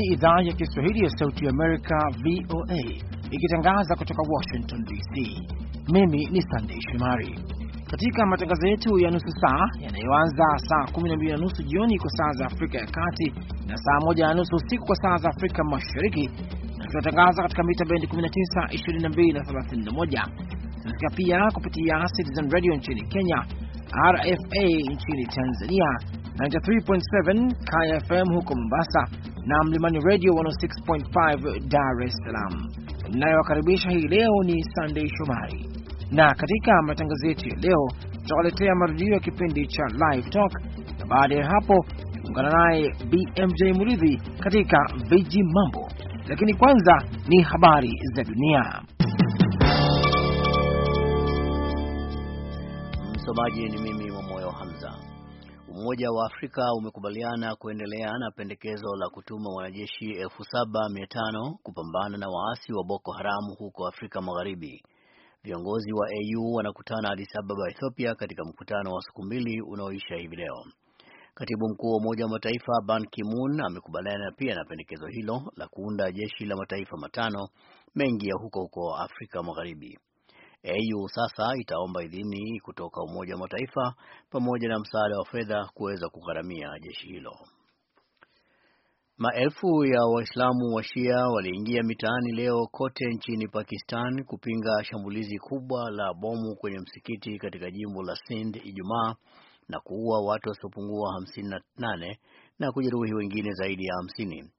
ni idhaa ya Kiswahili ya Sauti Amerika, VOA, ikitangaza kutoka Washington DC. Mimi ni Sandei Shomari. Katika matangazo yetu ya nusu saa yanayoanza saa 12 na nusu jioni kwa saa za Afrika ya Kati na saa 1 na nusu usiku kwa saa za Afrika Mashariki, na tunatangaza katika mita bendi 19, 22 na 31. Tunasikika pia kupitia Citizen Radio nchini Kenya, RFA nchini Tanzania, 93.7 KFM huko Mombasa na Mlimani Radio 106.5 Dar es Salaam. Ninayowakaribisha hii leo ni Sunday Shomari, na katika matangazo yetu ya leo tutawaletea marudio ya kipindi cha Live Talk na baada ya hapo tuungana naye BMJ Muridhi katika Viji Mambo, lakini kwanza ni habari za dunia. Msomaji ni mimi Umoja wa Afrika umekubaliana kuendelea na pendekezo la kutuma wanajeshi elfu saba mia tano kupambana na waasi wa Boko Haram huko Afrika Magharibi. Viongozi wa AU wanakutana Addis Ababa, Ethiopia, katika mkutano wa siku mbili unaoisha hivi leo. Katibu Mkuu wa Umoja wa Mataifa Ban Ki-moon amekubaliana pia na pendekezo hilo la kuunda jeshi la mataifa matano mengi ya huko huko Afrika Magharibi. AU sasa itaomba idhini kutoka Umoja wa Mataifa pamoja na msaada wa fedha kuweza kugharamia jeshi hilo. Maelfu ya Waislamu wa Shia waliingia mitaani leo kote nchini Pakistan kupinga shambulizi kubwa la bomu kwenye msikiti katika jimbo la Sindh Ijumaa na kuua watu wasiopungua 58 na kujeruhi wengine zaidi ya 50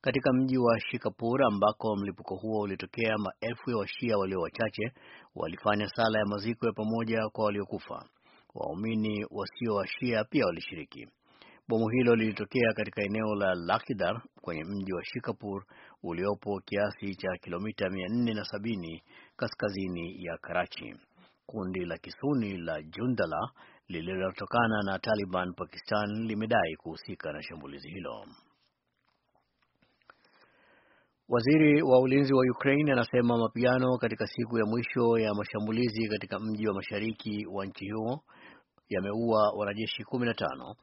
katika mji wa Shikapur ambako mlipuko huo ulitokea. Maelfu ya washia walio wachache walifanya sala ya maziko ya pamoja kwa waliokufa. Waumini wasio washia pia walishiriki. Bomu hilo lilitokea katika eneo la Lakidar kwenye mji wa Shikapur uliopo kiasi cha kilomita 470 kaskazini ya Karachi. Kundi la Kisuni la Jundala lililotokana na Taliban Pakistan limedai kuhusika na shambulizi hilo. Waziri wa ulinzi wa Ukraine anasema mapigano katika siku ya mwisho ya mashambulizi katika mji wa mashariki wa nchi hiyo yameua wanajeshi 15.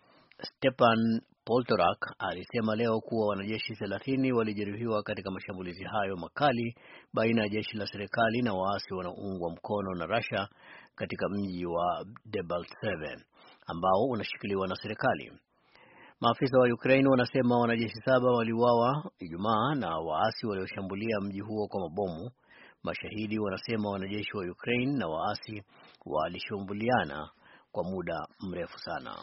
Stepan Poltorak alisema leo kuwa wanajeshi 30 walijeruhiwa katika mashambulizi hayo makali baina ya jeshi la serikali na waasi wanaoungwa mkono na Russia katika mji wa Debaltseve ambao unashikiliwa na serikali. Maafisa wa Ukraine wanasema wanajeshi saba waliuawa Ijumaa na waasi walioshambulia mji huo kwa mabomu. Mashahidi wanasema wanajeshi wa Ukraine na waasi walishambuliana kwa muda mrefu sana.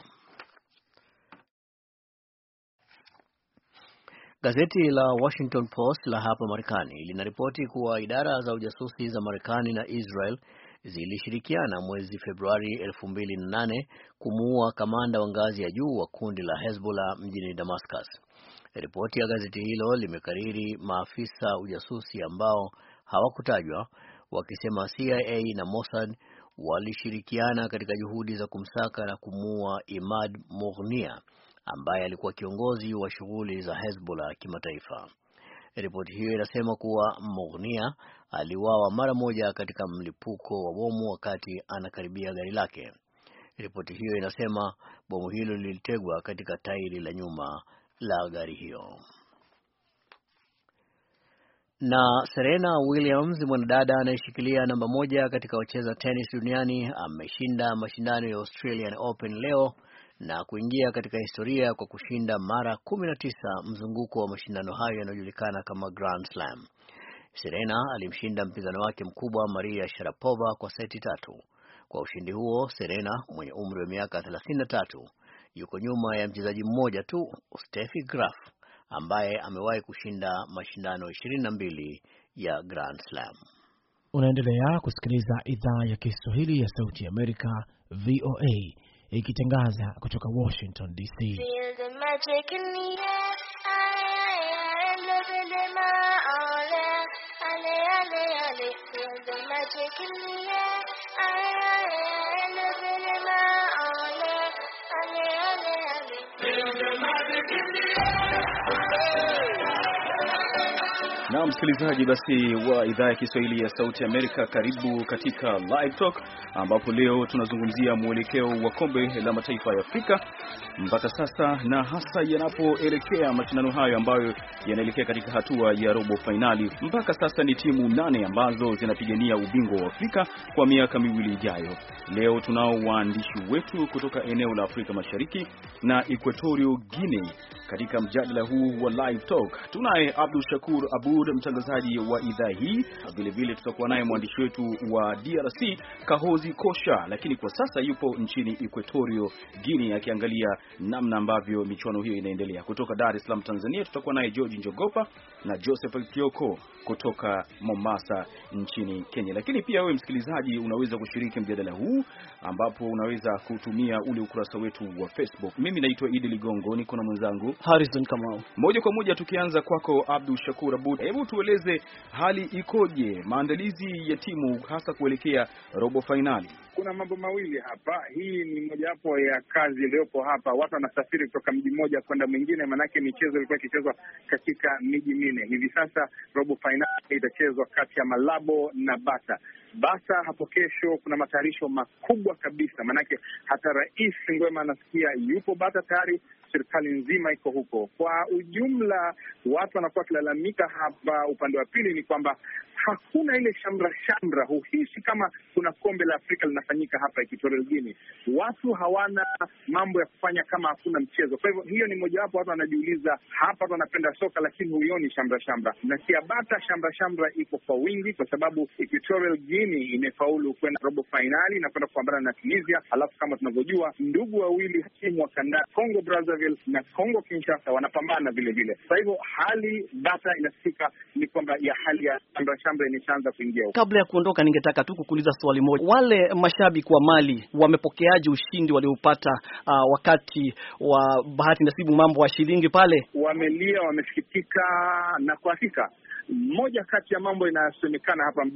Gazeti la Washington Post la hapa Marekani linaripoti kuwa idara za ujasusi za Marekani na Israel zilishirikiana mwezi Februari 2008 kumuua kamanda wa ngazi ya juu wa kundi la Hezbollah mjini Damascus. Ripoti ya gazeti hilo limekariri maafisa ujasusi ambao hawakutajwa wakisema CIA na Mossad walishirikiana katika juhudi za kumsaka na kumuua Imad Mughnia ambaye alikuwa kiongozi wa shughuli za Hezbollah kimataifa. Ripoti hiyo inasema kuwa Mognia aliuawa mara moja katika mlipuko wa bomu wakati anakaribia gari lake. Ripoti hiyo inasema bomu hilo lilitegwa katika tairi la nyuma la gari hiyo. Na Serena Williams, mwanadada anayeshikilia namba moja katika wacheza tenis duniani, ameshinda mashindano ya Australian Open leo na kuingia katika historia kwa kushinda mara 19 mzunguko wa mashindano hayo yanayojulikana kama Grand Slam. Serena alimshinda mpinzani wake mkubwa Maria Sharapova kwa seti tatu. Kwa ushindi huo, Serena mwenye umri wa miaka 33 yuko nyuma ya mchezaji mmoja tu, Steffi Graf ambaye amewahi kushinda mashindano 22 ya Grand Slam. Unaendelea kusikiliza idhaa ya Kiswahili ya Sauti ya Amerika, VOA ikitangaza kutoka Washington DC. Na msikilizaji basi wa idhaa ya Kiswahili ya Sauti Amerika, karibu katika Live Talk ambapo leo tunazungumzia mwelekeo wa kombe la mataifa ya Afrika mpaka sasa na hasa yanapoelekea mashindano hayo ambayo yanaelekea katika hatua ya robo fainali. Mpaka sasa ni timu nane ambazo zinapigania ubingwa wa Afrika kwa miaka miwili ijayo. Leo tunao waandishi wetu kutoka eneo la Afrika Mashariki na Equatorial Guinea. Katika mjadala huu wa Live Talk tunaye Abdul Shakur Abu Abud, mtangazaji wa idhaa hii. Vilevile tutakuwa naye mwandishi wetu wa DRC Kahozi Kosha, lakini kwa sasa yupo nchini Equatorio Guinea akiangalia namna ambavyo michuano hiyo inaendelea. Kutoka Dar es Salaam, Tanzania, tutakuwa naye George Njogopa na Joseph Kioko kutoka Mombasa nchini Kenya. Lakini pia wewe msikilizaji, unaweza kushiriki mjadala huu ambapo unaweza kutumia ule ukurasa wetu wa Facebook. Mimi naitwa Idi Ligongo, niko na mwenzangu Harrison Kamau. Moja kwa moja tukianza kwako Abdul Shakur Abud. Hebu tueleze hali ikoje, maandalizi ya timu hasa kuelekea robo fainali? Kuna mambo mawili hapa. Hii ni mojawapo ya kazi iliyopo hapa, watu wanasafiri kutoka mji mmoja kwenda mwingine, maanake michezo ilikuwa ikichezwa katika miji minne. Hivi sasa robo fainali itachezwa kati ya Malabo na Bata. Bata hapo kesho kuna matayarisho makubwa kabisa, maanake hata Rais Ngwema anasikia yupo Bata tayari serikali nzima iko huko. Kwa ujumla, watu wanakuwa wakilalamika hapa upande wa pili ni kwamba hakuna ile shamra shamra, huhisi kama kuna kombe la Afrika linafanyika hapa Equatorial Guinea. Watu hawana mambo ya kufanya kama hakuna mchezo. Kwa hivyo hiyo ni mojawapo, watu wanajiuliza hapa, watu wanapenda soka lakini huioni shamra shamra. Na Siabata shamra shamra iko kwa wingi, kwa sababu Equatorial Guinea imefaulu kwenda robo fainali na kwenda kupambana na Tunisia. Alafu kama tunavyojua, ndugu wawili timu wa kandanda Congo Brazzaville na Congo Kinshasa wanapambana vile vile. Kwa hivyo hali bata inasikika ni kwamba ya hali ya shamra shamra shamra imeshaanza kuingia huko. Kabla ya kuondoka, ningetaka tu kukuuliza swali moja, wale mashabiki wa Mali wamepokeaje ushindi walioupata uh, ah, wakati wa bahati nasibu mambo wa shilingi pale? Wamelia, wamesikitika na kuafika moja kati ya mambo inayosemekana hapa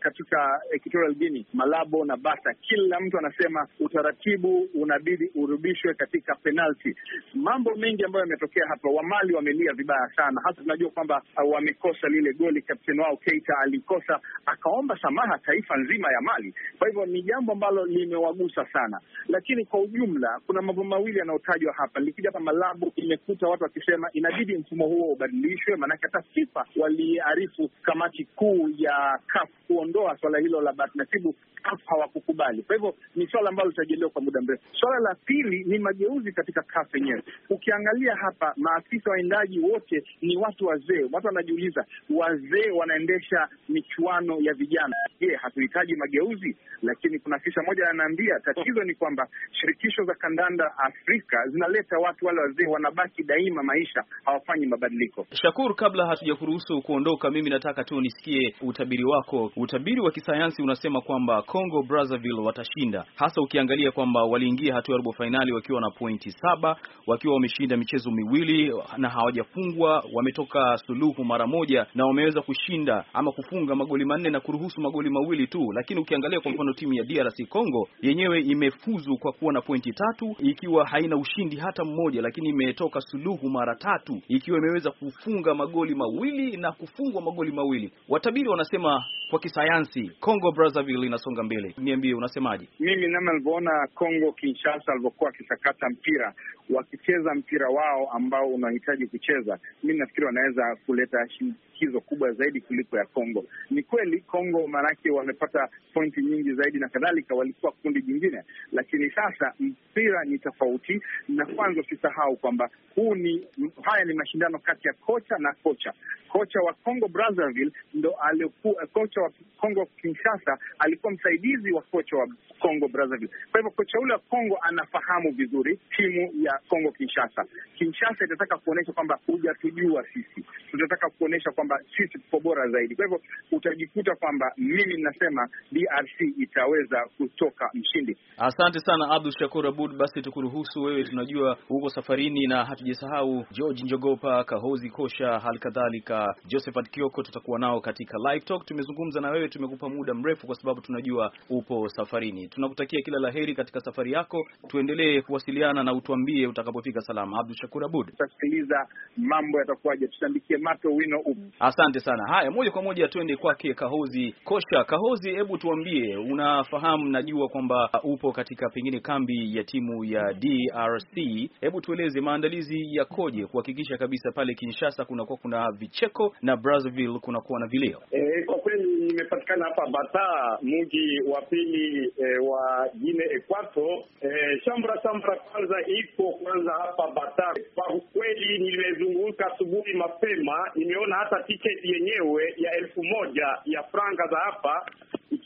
katika Equatorial Guinea, Malabo na Bata, kila mtu anasema utaratibu unabidi urudishwe katika penalti. Mambo mengi ambayo yametokea hapa, Wamali wamelia vibaya sana, hasa tunajua kwamba uh, wamekosa lile goli, kapteni wao Keita alikosa akaomba samaha taifa nzima ya Mali. Kwa hivyo ni jambo ambalo limewagusa sana, lakini kwa ujumla kuna mambo mawili yanayotajwa hapa. Likija hapa Malabo imekuta watu wakisema inabidi mfumo huo ubadilishwe, maanake hata FIFA waliarifu kamati kuu ya CAF kuondoa swala hilo la bahati nasibu. CAF hawakukubali. Kwa hivyo ni swala ambalo litajelewa kwa muda mrefu. Swala la pili ni mageuzi katika CAF yenyewe. Ukiangalia hapa, maafisa waendaji wote ni watu wazee. Watu wanajiuliza, wazee wanaendesha michuano ya vijana, je, hatuhitaji mageuzi? Lakini kuna afisa moja ananiambia tatizo ni kwamba shirikisho za kandanda Afrika zinaleta watu wale wazee, wanabaki daima maisha, hawafanyi mabadiliko. Shakuru, kabla hatujakuruhusu kuhusu kuondoka, mimi nataka tu nisikie utabiri wako. Utabiri wa kisayansi unasema kwamba Congo Brazzaville watashinda, hasa ukiangalia kwamba waliingia hatua ya robo fainali wakiwa na pointi saba, wakiwa wameshinda michezo miwili na hawajafungwa, wametoka suluhu mara moja na wameweza kushinda ama kufunga magoli manne na kuruhusu magoli mawili tu. Lakini ukiangalia kwa mfano timu ya DRC Congo yenyewe imefuzu kwa kuwa na pointi tatu ikiwa haina ushindi hata mmoja, lakini imetoka suluhu mara tatu ikiwa imeweza kufunga magoli mawili mbili na kufungwa magoli mawili. Watabiri wanasema kwa kisayansi Congo Brazzaville inasonga mbele. Niambie, unasemaje? Mimi nama alivyoona Congo Kinshasa alivyokuwa wakisakata mpira, wakicheza mpira wao ambao unahitaji kucheza, mi nafikiri wanaweza kuleta shinikizo kubwa zaidi kuliko ya Congo. Ni kweli Congo maanake wamepata pointi nyingi zaidi na kadhalika, walikuwa kundi jingine, lakini sasa mpira ni tofauti. Na kwanza usisahau kwamba huu ni haya ni mashindano kati ya kocha na kocha kocha wa Congo Brazzaville ndo alikuwa eh, kocha wa Congo Kinshasa, alikuwa msaidizi wa kocha wa Congo Brazzaville. Kwa hivyo kocha ule wa Congo anafahamu vizuri timu ya Congo Kinshasa. Kinshasa itataka kuonyesha kwamba hujatujua sisi, tunataka kuonyesha kwamba sisi tuko bora zaidi. Kwa hivyo utajikuta kwamba mimi ninasema DRC itaweza kutoka mshindi. Asante sana Abdul Shakur Abud, basi tukuruhusu wewe, tunajua huko safarini, na hatujasahau George Njogopa, Kahozi Kosha, halikadhalika Josephat Kioko tutakuwa nao katika live talk. Tumezungumza na wewe, tumekupa muda mrefu kwa sababu tunajua upo safarini. Tunakutakia kila la heri katika safari yako, tuendelee kuwasiliana na utuambie utakapofika salama. Abdu Shakur Abud, tutasikiliza mambo yatakuwaje, tutandikie mato wino upo. Asante sana. Haya, moja kwa moja tuende kwake Kahozi Kosha. Kahozi, hebu tuambie, unafahamu, najua kwamba upo katika pengine kambi ya timu ya DRC, hebu tueleze maandalizi yakoje kuhakikisha kabisa pale Kinshasa kunakuwa kuna vicheko Mexico na Brazzaville kunakuwa na vilio. E, kwa kweli nimepatikana hapa Bata, mji wa pili e, wa Gine Ekwato. E, eh, shambra shambra kwanza iko kwanza hapa Bata. Kwa kweli nimezunguka asubuhi mapema, nimeona hata tiketi yenyewe ya elfu moja ya franga za hapa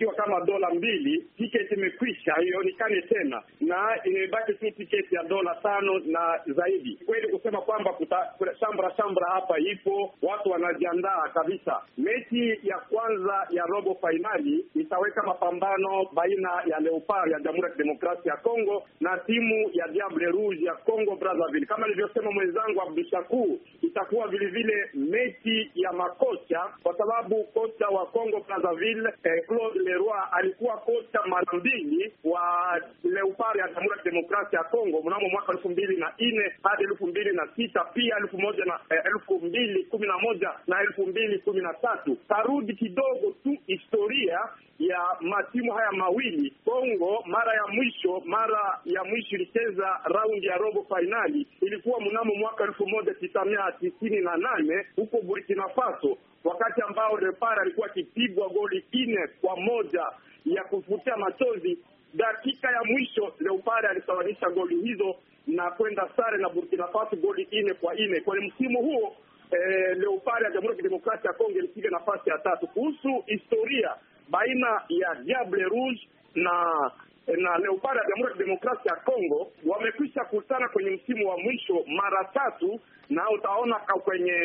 ikiwa kama dola mbili, tiketi imekwisha, haionekane tena, na imebaki tu tiketi ya dola tano na zaidi. Kweli kusema kwamba shambra shambra hapa ipo, watu wanajiandaa kabisa. Mechi ya kwanza ya robo fainali itaweka mapambano baina ya Leopard ya Jamhuri ya Kidemokrasia ya Kongo na timu ya Diable Rouge ya congo Brazzaville. Kama alivyosema mwenzangu Abdushakur, itakuwa vilevile mechi ya makocha, kwa sababu kocha wa congo Brazzaville eh, Claude Leroy alikuwa kocha mara mbili wa Leopard ya Jamhuri ya Kidemokrasia ya Kongo mnamo mwaka elfu mbili na nne hadi elfu mbili na sita pia elfu moja na eh, elfu mbili kumi na moja na elfu mbili kumi na tatu. Tarudi kidogo tu historia ya matimu haya mawili. Kongo mara ya mwisho mara ya mwisho ilicheza raundi ya robo fainali ilikuwa mnamo mwaka elfu moja tisa mia tisini na nane huko Burkina Faso, wakati ambao Repar alikuwa akipigwa goli nne kwa moja ya kufutia machozi. Dakika ya mwisho Leopard alisawanisha goli hizo na kwenda sare na Burkina Faso goli nne kwa nne. Kwenye msimu huo eh, Leopard ya Jamhuri ya Kidemokrasia ya Kongo ilipiga nafasi ya tatu. Kuhusu historia baina ya Diable Rouge na na Leopard ya Jamhuri ya Demokrasia ya Kongo wamekwisha kutana kwenye msimu wa mwisho mara tatu, na utaona kwenye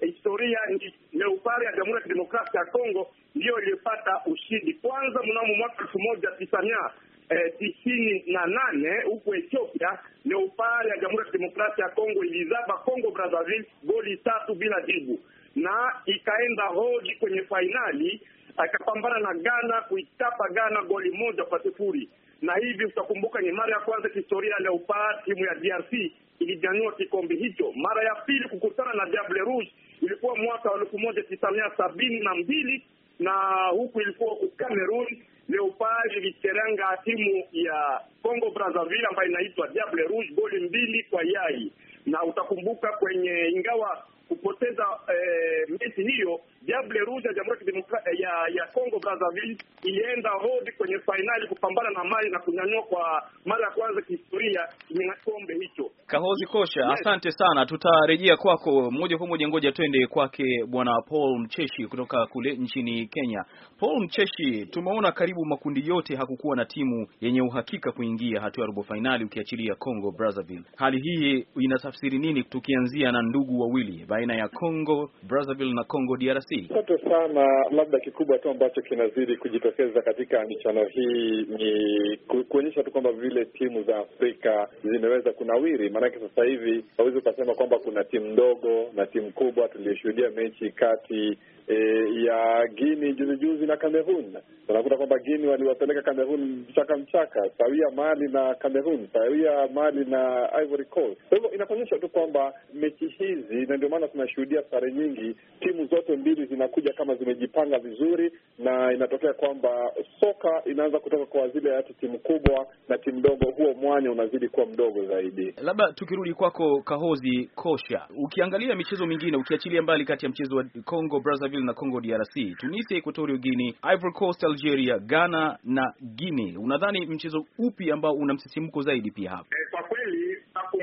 historia ni Leopard ya Jamhuri ya Demokrasia ya Kongo ndiyo iliyopata ushindi kwanza mnamo mwaka elfu moja tisa mia E, tisini na nane huku Ethiopia, Leopard ya Jamhuri ya Demokrasia ya Kongo ilizaba Kongo Brazzaville goli tatu bila jibu na ikaenda hodi kwenye fainali akapambana na Ghana kuitapa Ghana goli moja kwa sifuri na hivi utakumbuka ni mara ya kwanza kihistoria ya Leopard timu ya DRC ilinyanyua kikombe hicho. Mara ya pili kukutana na Diable Rouge ilikuwa mwaka wa elfu moja tisa mia sabini na mbili na huku ilikuwa Cameroon. Leopard ilicheranga timu ya Congo Brazzaville ambayo inaitwa Diable Rouge goli mbili kwa yai, na utakumbuka kwenye ingawa kupoteza eh, mechi hiyo Diable Rouge ya Jamhuri ya eh, ya, ya Congo Brazzaville ilienda hodi kwenye fainali kupambana na Mali na kunyanyua kwa mara ya kwanza kihistoria na kombe hicho. Kahozi Kosha, yes. Asante sana, tutarejea kwako moja kwa moja. Ngoja twende kwake bwana Paul Mcheshi kutoka kule nchini Kenya. Paul Mcheshi, tumeona karibu makundi yote hakukuwa na timu yenye uhakika kuingia hatua ya robo fainali ukiachilia Congo Brazzaville. Hali hii inatafsiri nini, tukianzia na ndugu wawili baina ya Congo Brazzaville na Congo DRC? Asante sana. Labda kikubwa tu ambacho kinazidi kujitokeza katika michano hii ni kuonyesha tu kwamba vile timu za Afrika zimeweza kunawiri, maanake sasa hivi hawezi ukasema kwamba kuna timu ndogo na timu kubwa. tuliyoshuhudia mechi kati e, ya Guini juzijuzi na Kamerun. Unakuta kwamba Guini waliwapeleka Kamerun mchaka mchaka, sawia Mali na Kamerun, sawia Mali na Ivory Coast. Kwa hivyo inakuonyesha tu kwamba mechi hizi, na ndio maana tunashuhudia sare nyingi, timu zote mbili zinakuja kama zimejipanga vizuri, na inatokea kwamba soka inaanza kutoka kwa zile hati timu kubwa na timu ndogo, huo mwanya unazidi kuwa mdogo zaidi. Labda tukirudi kwako Kahozi Kosha, ukiangalia michezo mingine, ukiachilia mbali kati ya mchezo wa Congo Brazzaville Brazzaville na Congo DRC, Tunisia, Equatorial Guinea, Ivory Coast, Algeria, Ghana na Guinea. Unadhani mchezo upi ambao una msisimko zaidi pia hapa?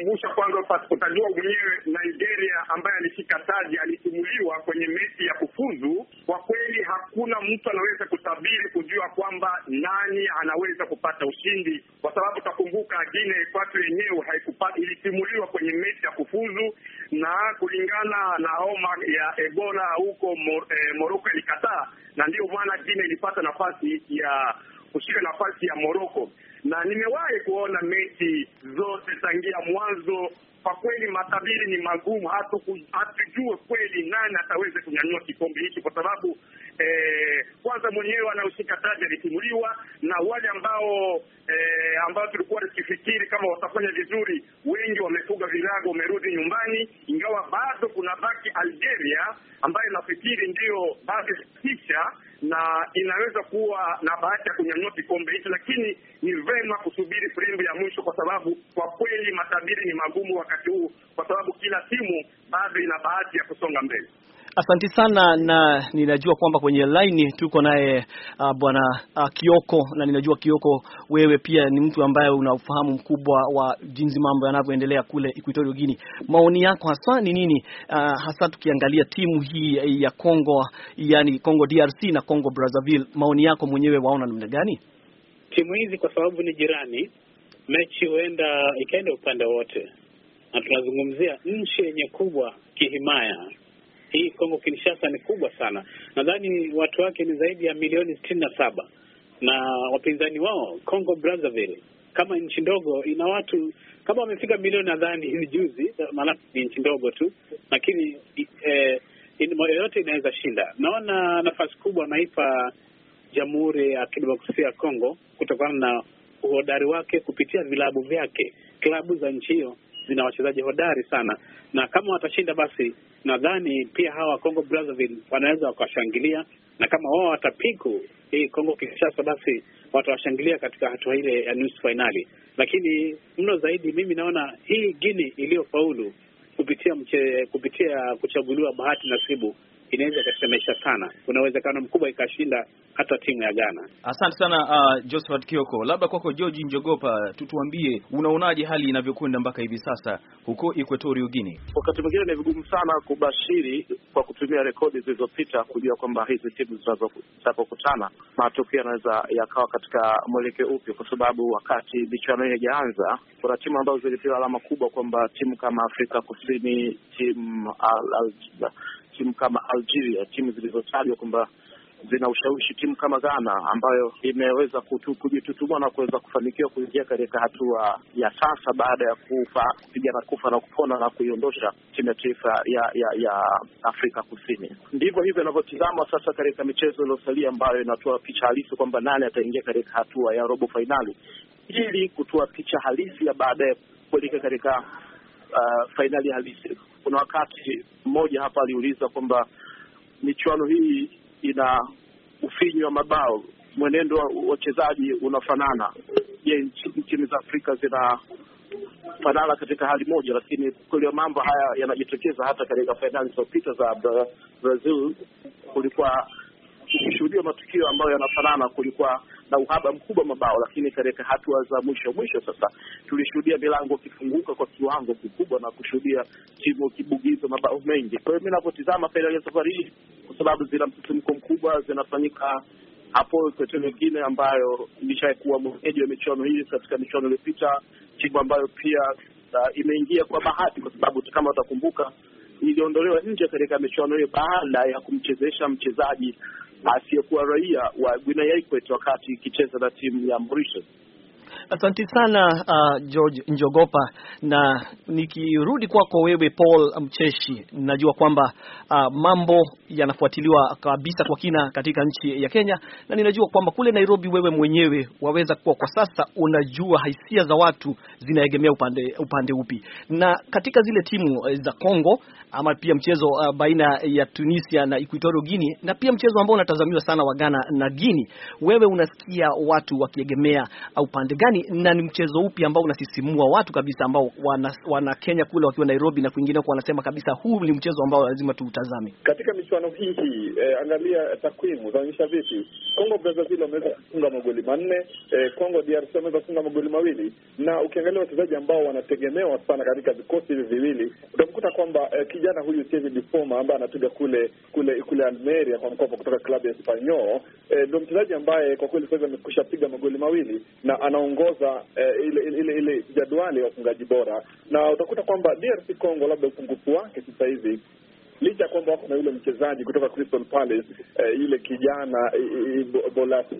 kukumbusha kwanza, utajua mwenyewe Nigeria ambaye alishika taji alisimuliwa kwenye mechi ya kufuzu. Kwa kweli hakuna mtu anaweza kutabiri kujua kwamba nani anaweza kupata ushindi, kwa sababu utakumbuka Guinea kwatu yenyewe haikupata, ilitimuliwa kwenye mechi ya kufuzu, na kulingana na homa ya Ebola huko eh, moroko ilikataa, na ndiyo maana Guinea ilipata nafasi ya kushika nafasi ya moroko na nimewahi kuona mechi zote tangia mwanzo. Kwa kweli matabiri ni magumu, hatujue kweli nani ataweze kunyanyua kikombe hiki, kwa sababu eh, kwanza mwenyewe anayoshika taji alitimuliwa na wale ambao eh, ambao tulikuwa tukifikiri kama watafanya vizuri, wengi wamefuga virago, wamerudi nyumbani, ingawa bado kuna baki Algeria ambayo nafikiri ndiyo basi kisha na inaweza kuwa na bahati ya kunyanyua kikombe hicho, lakini ni vema kusubiri firimbi ya mwisho, kwa sababu kwa kweli matabiri ni magumu wakati huu, kwa sababu kila timu bado ina bahati ya kusonga mbele. Asanti sana, na ninajua kwamba kwenye laini tuko naye uh, bwana uh, Kioko, na ninajua Kioko, wewe pia ni mtu ambaye una ufahamu mkubwa wa jinsi mambo yanavyoendelea kule Equatorial Guinea. Maoni yako hasa ni nini, uh, hasa tukiangalia timu hii ya Congo, yani Congo DRC na Congo Brazzaville? Maoni yako mwenyewe, waona namna gani timu hizi, kwa sababu ni jirani? Mechi huenda ikaenda upande wote, na tunazungumzia nchi yenye kubwa kihimaya hii Kongo Kinshasa ni kubwa sana, nadhani watu wake ni zaidi ya milioni sitini na saba na wapinzani wao Congo Brazzaville kama nchi ndogo ina watu kama wamefika milioni nadhani hivi juzi, maana ni nchi ndogo tu, lakini eh, yote inaweza shinda. Naona nafasi kubwa anaipa Jamhuri ya Kidemokrasia ya Kongo kutokana na uhodari wake kupitia vilabu vyake, klabu za nchi hiyo zina wachezaji hodari sana, na kama watashinda, basi nadhani pia hawa Congo Brazzaville wanaweza wakawashangilia, na kama wao watapiku hii Congo Kinshasa, basi watawashangilia katika hatua ile ya nusu fainali. Lakini mno zaidi, mimi naona hii Guinea iliyofaulu kupitia mche, kupitia kuchaguliwa bahati nasibu inaweza ikasemesha sana. Kuna uwezekano mkubwa ikashinda hata timu ya Ghana. Asante sana uh, Josephat Kioko. Labda kwako George Njogopa, tutuambie unaonaje hali inavyokwenda mpaka hivi sasa huko Equatorial Guinea? Wakati mwingine ni vigumu sana kubashiri kwa kutumia rekodi zilizopita kujua kwamba hizi timu zinapokutana matokeo yanaweza yakawa katika mwelekeo upi, kwa sababu wakati michuano hii haijaanza kuna timu ambazo zilipewa alama kubwa kwamba timu kama Afrika Kusini, timu timu kama Al Algeria, timu zilizotajwa kwamba zina ushawishi, timu kama Ghana ambayo imeweza kujitutumwa na kuweza kufanikiwa kuingia katika hatua ya sasa baada ya kufa kupigana kufa na kupona na kuiondosha timu ya taifa ya, ya ya Afrika Kusini. Ndivyo hivyo inavyotizama sasa katika michezo iliyosalia ambayo inatoa picha halisi kwamba nani ataingia katika hatua ya robo fainali ili kutoa picha halisi ya baadaye kuelekea katika uh, fainali halisi. Kuna wakati mmoja hapa aliuliza kwamba michuano hii ina ufinyu wa mabao, mwenendo wa wachezaji unafanana. Je, timu za Afrika zina fanana katika hali moja? Lakini kulio mambo haya yanajitokeza hata katika fainali zilizopita za Brazil, kulikuwa kushuhudia matukio ambayo yanafanana, kulikuwa na uhaba mkubwa mabao, lakini katika hatua za mwisho mwisho sasa tulishuhudia milango ikifunguka kwa kiwango kikubwa na kushuhudia timu kibugiza mabao mengi. Kwa hiyo mi navyotizama fainali ya safari hii, kwa sababu zina msisimko mkubwa, zinafanyika hapo kwetu nyingine ambayo ilishawahi kuwa mwenyeji wa michuano hii katika michuano iliyopita, timu ambayo pia uh, imeingia kwa bahati, kwa sababu kama utakumbuka iliondolewa nje katika michuano hiyo baada ya kumchezesha mchezaji asiyekuwa raia wa Guinea Ikwet wakati ikicheza na timu ya Mauritius. Asanti sana uh, George Njogopa, na nikirudi kwako wewe Paul Mcheshi, najua kwamba uh, mambo yanafuatiliwa kabisa kwa kina katika nchi ya Kenya, na ninajua kwamba kule Nairobi wewe mwenyewe waweza kuwa kwa sasa unajua hisia za watu zinaegemea upande, upande upi, na katika zile timu uh, za Kongo ama pia mchezo uh, baina ya Tunisia na Equatorial Guinea na pia mchezo ambao unatazamiwa sana wa Ghana na Guinea, wewe unasikia watu wakiegemea uh, upande gani? gani na ni mchezo upi ambao unasisimua watu kabisa ambao wana, wana Kenya kule wakiwa Nairobi na kwa wanasema kabisa huu ni mchezo ambao lazima tuutazame katika michuano hii hii. Eh, angalia takwimu zaonyesha vipi. Kongo Brazzaville wameweza kufunga magoli manne, eh, Kongo DRC wameweza kufunga magoli mawili, na ukiangalia wachezaji ambao wanategemewa sana katika vikosi hivi viwili utamkuta kwamba eh, kijana huyu Thierry Dufoma ambaye anapiga kule kule kule Almeria kwa mkopo kutoka klabu ya Espanyol eh, ndio eh, mchezaji ambaye kwa kweli sasa amekwisha piga magoli mawili na anaongoza kuongoza eh, ile, ile, ile jadwali ya wafungaji bora, na utakuta kwamba DRC Congo labda upungufu wake sasa hivi licha ya kwamba kuna yule mchezaji kutoka Crystal Palace eh, yule kijana Bolasi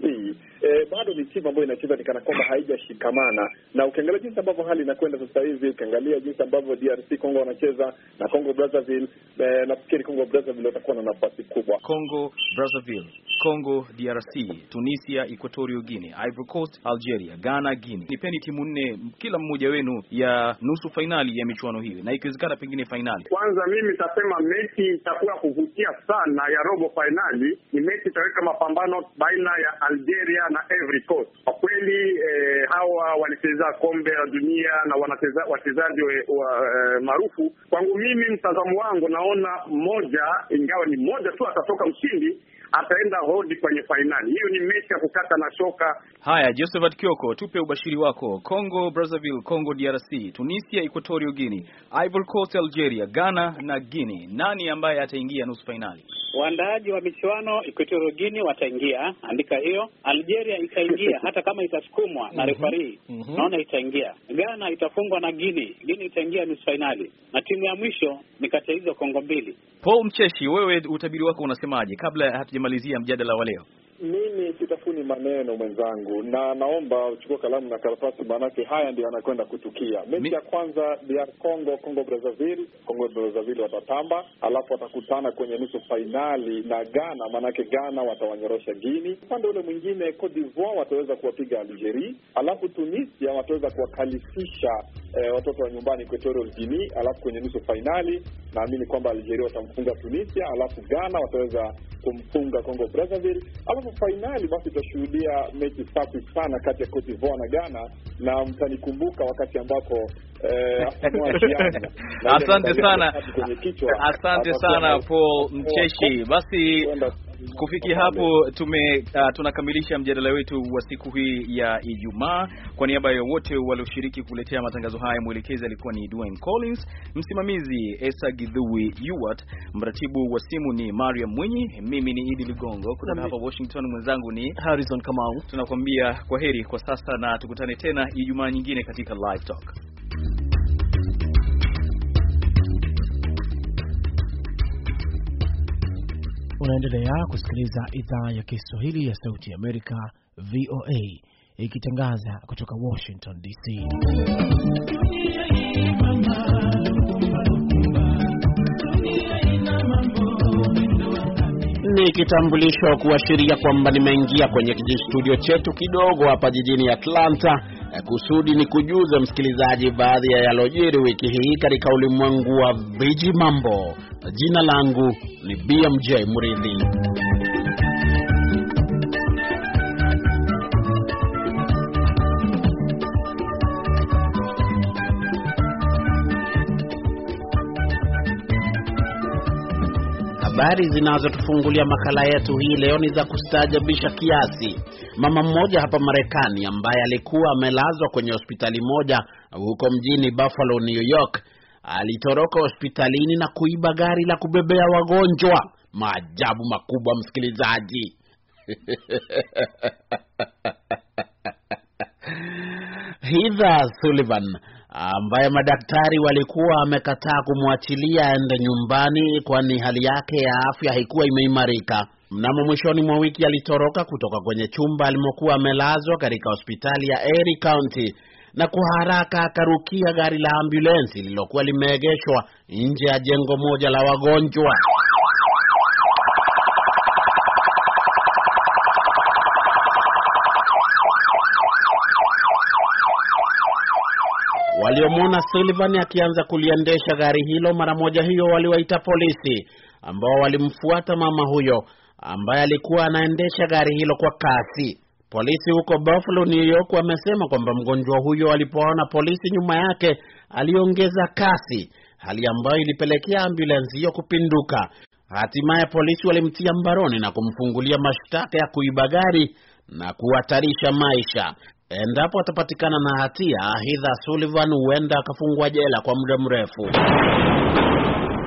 eh, bado ni timu ambayo inacheza ni kana kwamba haijashikamana, na ukiangalia jinsi ambavyo hali inakwenda sasa hivi, ukiangalia jinsi ambavyo DRC Congo wanacheza na Congo Brazzaville eh, nafikiri Congo Brazzaville watakuwa na nafasi kubwa. Congo Brazzaville, Congo DRC, Tunisia, Equatorial Guinea, Ivory Coast, Algeria, Ghana, Guinea. Nipeni timu nne kila mmoja wenu ya nusu fainali ya michuano hiyo, na ikiwezekana pengine fainali. Kwanza mimi nitasema mechi mechi itakuwa kuvutia sana ya robo fainali. Ni mechi itaweka mapambano baina ya Algeria na Ivory Coast. Kwa kweli eh, hawa walicheza kombe la dunia na wachezaji wa, eh, maarufu. Kwangu mimi, mtazamo wangu, naona mmoja, ingawa ni mmoja tu atatoka mshindi ataenda hodi kwenye fainali hiyo. Ni mechi ya kukata na shoka. Haya, Josephat Kioko, tupe ubashiri wako. Congo Brazzaville, Congo DRC, Tunisia, Equatorial Guinea, Ivory Coast, Algeria, Ghana na Guinea, nani ambaye ataingia nusu fainali? Waandaaji wa michuano Equatorial Guinea wataingia, andika hiyo. Algeria itaingia hata kama itasukumwa na mhm. refari, mhm. naona itaingia. Ghana itafungwa na Guinea, Guinea itaingia nusu fainali, na timu ya mwisho ni kati ya hizo Kongo mbili. Paul Mcheshi, wewe utabiri wako unasemaje kabla hatuja kumalizia mjadala wa leo. mimi sitafuni maneno mwenzangu, na naomba uchukue kalamu na karatasi, maanake haya ndio yanakwenda kutukia. Mechi ya kwanza DR Congo Congo Brazzaville, Congo Brazzaville watatamba, alafu watakutana kwenye nusu fainali na Ghana, maanake Ghana watawanyorosha Guini. Upande ule mwingine, Cote d'Ivoire wataweza kuwapiga Algeria, alafu Tunisia wataweza kuwakalifisha eh, watoto wa nyumbani Equatorial Guinea. Alafu kwenye nusu fainali naamini kwamba Algeria watamfunga Tunisia, alafu Ghana wataweza kumfunga Congo Brazzaville, alafu fainali basi tutashuhudia mechi safi sana kati ya Cote d'Ivoire na Ghana, na mtanikumbuka wakati ambapo Eh, asante sana, asante sana Paul Mcheshi. Basi kufikia hapo tume uh, tunakamilisha mjadala wetu wa siku hii ya Ijumaa. Kwa niaba ya wote walioshiriki kuletea matangazo haya, mwelekezi alikuwa ni Dwayne Collins, msimamizi Esa Gidhui Yuwat, mratibu wa simu ni Mariam Mwinyi, mimi ni Idi Ligongo kutoka hapa Washington, mwenzangu ni Harrison Kamau. Tunakuambia kwa heri kwa sasa na tukutane tena Ijumaa nyingine katika Live Talk. Unaendelea kusikiliza idhaa ya Kiswahili ya Sauti ya Amerika, VOA, ikitangaza kutoka Washington DC. Ni kitambulisho kuashiria kwamba nimeingia kwenye kijistudio chetu kidogo hapa jijini Atlanta. Kusudi ni kujuza msikilizaji baadhi ya yalojiri wiki hii katika ulimwengu wa viji mambo. Jina langu ni BMJ Muridhi. Habari zinazotufungulia makala yetu hii leo ni za kustaajabisha kiasi. Mama mmoja hapa Marekani ambaye alikuwa amelazwa kwenye hospitali moja huko mjini Buffalo, New York alitoroka hospitalini na kuiba gari la kubebea wagonjwa. Maajabu makubwa, msikilizaji. Heather Sullivan ambaye madaktari walikuwa wamekataa kumwachilia aende nyumbani, kwani hali yake ya afya haikuwa imeimarika. Mnamo mwishoni mwa wiki alitoroka kutoka kwenye chumba alimokuwa amelazwa katika hospitali ya Erie County na kwa haraka akarukia gari la ambulensi lililokuwa limeegeshwa nje ya jengo moja la wagonjwa. Waliomwona Sullivan akianza kuliendesha gari hilo mara moja hiyo waliwaita polisi ambao walimfuata mama huyo ambaye alikuwa anaendesha gari hilo kwa kasi. Polisi huko Buffalo, New York wamesema kwamba mgonjwa huyo alipoona polisi nyuma yake aliongeza kasi, hali ambayo ilipelekea ambulensi hiyo kupinduka. Hatimaye polisi walimtia mbaroni na kumfungulia mashtaka ya kuiba gari na kuhatarisha maisha. Endapo atapatikana na hatia, Heather Sullivan huenda akafungwa jela kwa muda mrefu.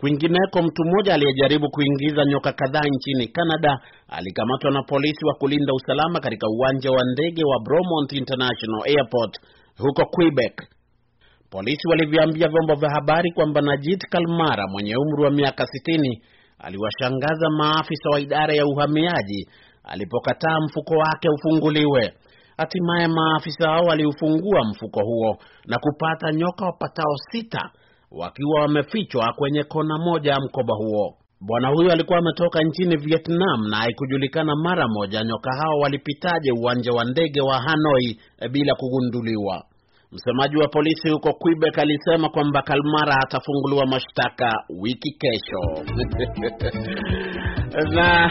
Kwingineko, mtu mmoja aliyejaribu kuingiza nyoka kadhaa nchini Canada alikamatwa na polisi wa kulinda usalama katika uwanja wa ndege wa Bromont International Airport huko Quebec. Polisi waliviambia vyombo vya habari kwamba Najit Kalmara mwenye umri wa miaka 60 aliwashangaza maafisa wa idara ya uhamiaji alipokataa mfuko wake ufunguliwe. Hatimaye maafisa hao waliufungua mfuko huo na kupata nyoka wapatao sita wakiwa wamefichwa kwenye kona moja ya mkoba huo. Bwana huyo alikuwa ametoka nchini Vietnam na haikujulikana mara moja nyoka hao walipitaje uwanja wa ndege wa Hanoi bila kugunduliwa. Msemaji wa polisi huko Quebec alisema kwamba Kalmara atafunguliwa mashtaka wiki kesho. na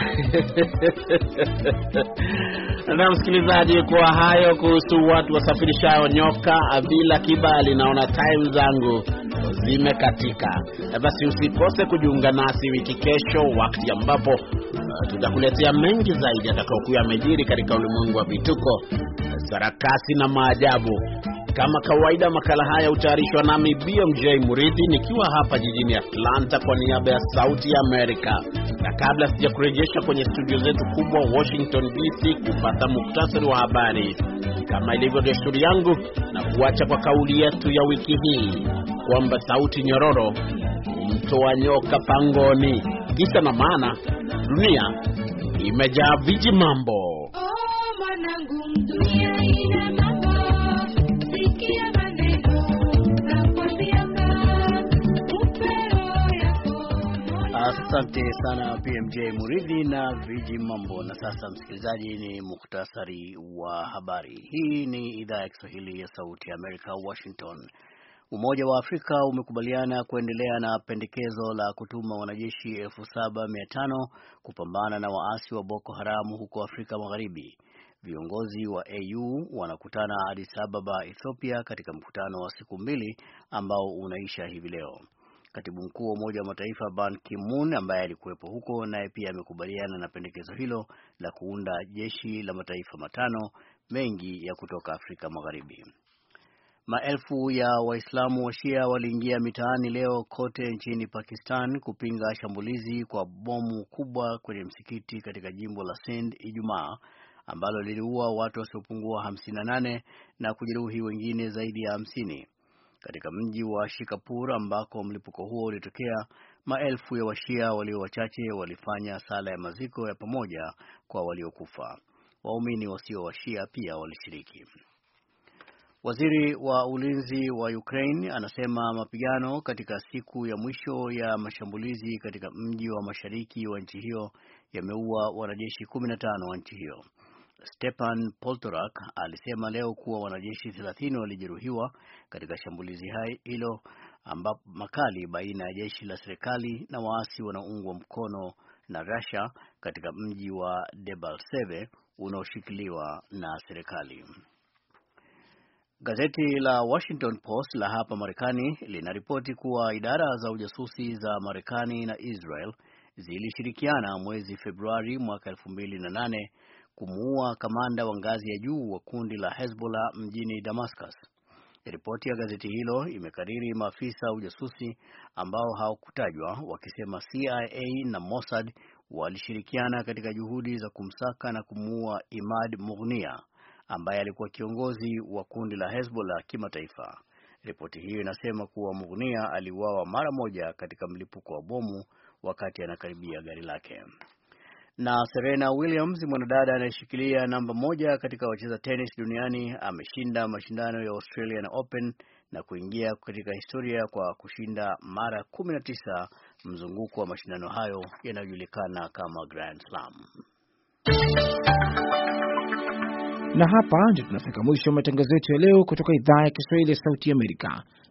na msikilizaji, kwa hayo kuhusu watu wasafirishao nyoka bila kibali, naona time zangu zimekatika. E, basi usikose kujiunga nasi wiki kesho, wakati ambapo uh, tutakuletea mengi zaidi atakaokuwa amejiri katika ulimwengu wa vituko, sarakasi na maajabu kama kawaida, makala haya hutayarishwa nami BMJ Muridhi nikiwa hapa jijini Atlanta kwa niaba ya Sauti ya Amerika, na kabla sijakurejesha kwenye studio zetu kubwa Washington DC kupata muktasari wa habari, kama ilivyo desturi yangu, na kuacha kwa kauli yetu ya wiki hii kwamba sauti nyororo mtoa nyoka pangoni. Kisa na maana, dunia imejaa viji mambo. Asante sana PMJ Muridhi na Viji Mambo. Na sasa, msikilizaji, ni muktasari wa habari. Hii ni idhaa ya Kiswahili ya Sauti ya Amerika, Washington. Umoja wa Afrika umekubaliana kuendelea na pendekezo la kutuma wanajeshi elfu saba mia tano kupambana na waasi wa Boko Haramu huko Afrika Magharibi. Viongozi wa AU wanakutana Addis Ababa, Ethiopia, katika mkutano wa siku mbili ambao unaisha hivi leo. Katibu mkuu wa Umoja wa Mataifa Ban Ki-moon ambaye alikuwepo huko naye pia amekubaliana na pendekezo hilo la kuunda jeshi la mataifa matano, mengi ya kutoka Afrika Magharibi. Maelfu ya Waislamu wa Shia waliingia mitaani leo kote nchini Pakistan kupinga shambulizi kwa bomu kubwa kwenye msikiti katika jimbo la Sindh Ijumaa ambalo liliua watu wasiopungua 58 na kujeruhi wengine zaidi ya 50 katika mji wa Shikapur ambako mlipuko huo ulitokea. Maelfu ya washia walio wachache walifanya sala ya maziko ya pamoja kwa waliokufa. Waumini wasio washia pia walishiriki. Waziri wa ulinzi wa Ukraine anasema mapigano katika siku ya mwisho ya mashambulizi katika mji wa mashariki wa nchi hiyo yameua wanajeshi 15 wa nchi hiyo. Stepan Poltorak alisema leo kuwa wanajeshi 30 walijeruhiwa katika shambulizi hilo ambapo makali baina ya jeshi la serikali na waasi wanaoungwa mkono na Russia katika mji wa Debaltseve unaoshikiliwa na serikali. Gazeti la Washington Post la hapa Marekani linaripoti kuwa idara za ujasusi za Marekani na Israel zilishirikiana mwezi Februari mwaka 2008 kumuua kamanda wa ngazi ya juu wa kundi la Hezbollah mjini Damascus. Ripoti ya gazeti hilo imekariri maafisa ujasusi ambao hawakutajwa wakisema CIA na Mossad walishirikiana katika juhudi za kumsaka na kumuua Imad Mughnia ambaye alikuwa kiongozi wa kundi la Hezbollah kimataifa. Ripoti hiyo inasema kuwa Mughnia aliuawa mara moja katika mlipuko wa bomu wakati anakaribia gari lake. Na Serena Williams, mwanadada anayeshikilia namba moja katika wacheza tenis duniani, ameshinda mashindano ya Australian Open na kuingia katika historia kwa kushinda mara 19 mzunguko wa mashindano hayo yanayojulikana kama Grand Slam. Na hapa ndio tunafika mwisho wa matangazo yetu ya leo kutoka idhaa ya Kiswahili ya Sauti Amerika.